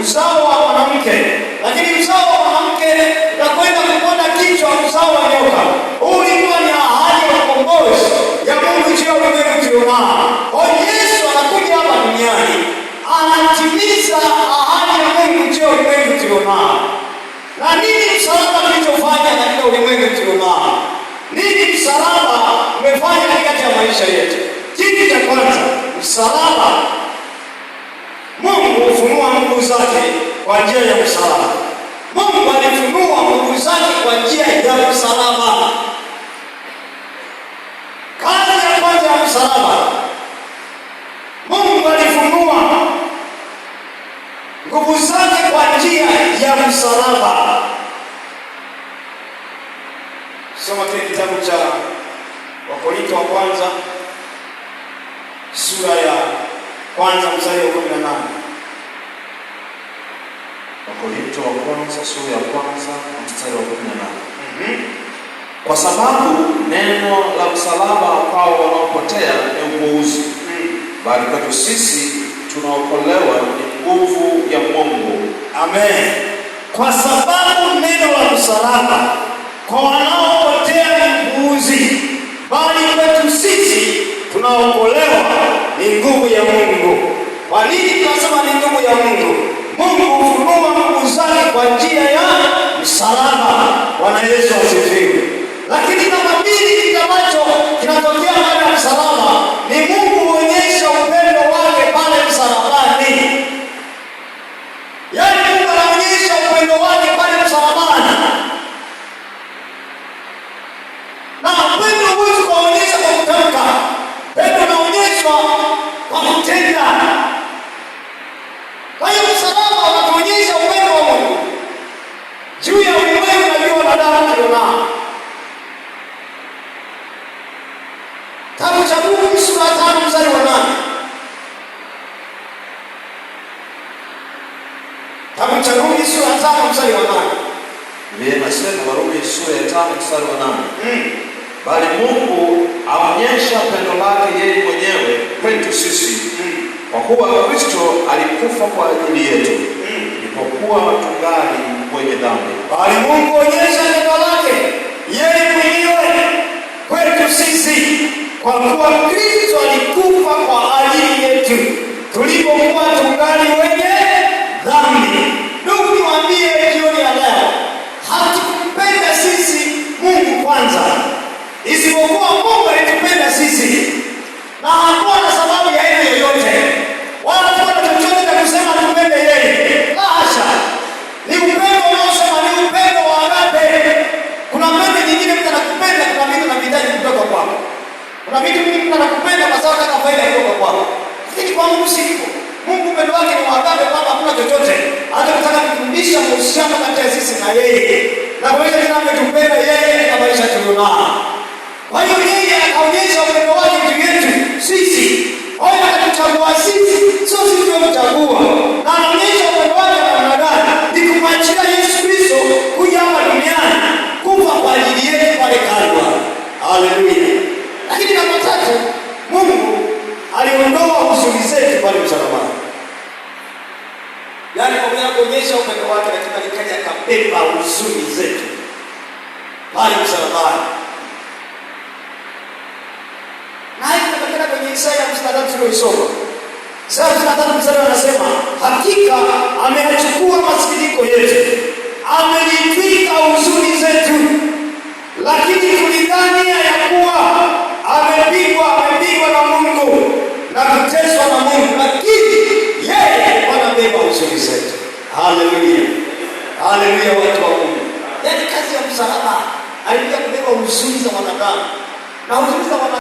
uzao wa kwa njia ya usalama. Mungu alifunua nguvu zake kwa njia ya usalama. Kazi ya kwanza ya msalaba, Mungu alifunua nguvu zake kwa njia ya msalaba. Soma kile kitabu cha Wakorintho wa kwanza sura ya kwanza mstari wa kumi na nane. Wakorinto wa kwanza sura ya kwanza mstari wa kumi na nane mhm. kwa sababu neno la msalaba kwao wanaopotea ni upuuzi, mm. bali kwetu sisi tunaokolewa ni nguvu ya Mungu. Amen. Kwa sababu neno la msalaba kwa wanaopotea ni upuuzi, bali kwetu sisi tunaokolewa ni nguvu ya Mungu. Kwa nini tunasema ni nguvu ya Mungu? Mungu kwa njia ya msalaba. Bwana Yesu asifiwe. Lakini namba mbili kitamacho kinatokea baada ya msalaba ni Mungu huonyesha upendo wake pale msalabani, yaani Mungu anaonyesha upendo wake pale juu ya ulimwengu na badala tulionao. Kitabu cha Mungu sura ya tano mstari wa nane Kitabu cha Mungu sura ya tano mstari wa nane Biblia inasema Warumi sura ya tano mstari wa nane hmm. bali Mungu aonyesha pendo lake yeye mwenyewe kwetu sisi hmm. kwa kuwa Kristo alikufa kwa ajili yetu, ilipokuwa hmm. tungali mwenye dhambi, bali Mungu onyesha neno lake yeye mwenyewe kwetu sisi, kwa kuwa Kristo alikufa kwa ajili yetu tulipokuwa tungali wenye dhambi. Ndugu, niwaambie jioni ya leo, hatukupenda sisi Mungu kwanza, isipokuwa Mungu alitupenda sisi na hakuwa Mungu anakupenda kwa sababu hata faida iko kwa kwako. Lakini kwa Mungu si hivyo. Mungu upendo wake ni wakati kwamba hakuna chochote. Hata kutaka kufundisha uhusiano kati ya sisi na yeye. Na kwa hiyo tunavyotupenda yeye na maisha tulionayo. Kwa hiyo yeye akaonyesha upendo wake kwa yetu sisi. Wao wanatuchagua sisi, sio sisi tunamchagua. Na anaonyesha upendo wake kwa wanadamu. Ni kumwachia yeye alionyesha upendo wake, lakini alikaja akabeba huzuni zetu pale msalabani. Naye tunapatikana kwenye Isaya mstari wa tuliosoma. Isaya mstari wa 3 anasema Haleluya, haleluya, watu wa Mungu. Yaani kazi ya msalaba alikuja kubeba huzuni za wanadamu na huzuni za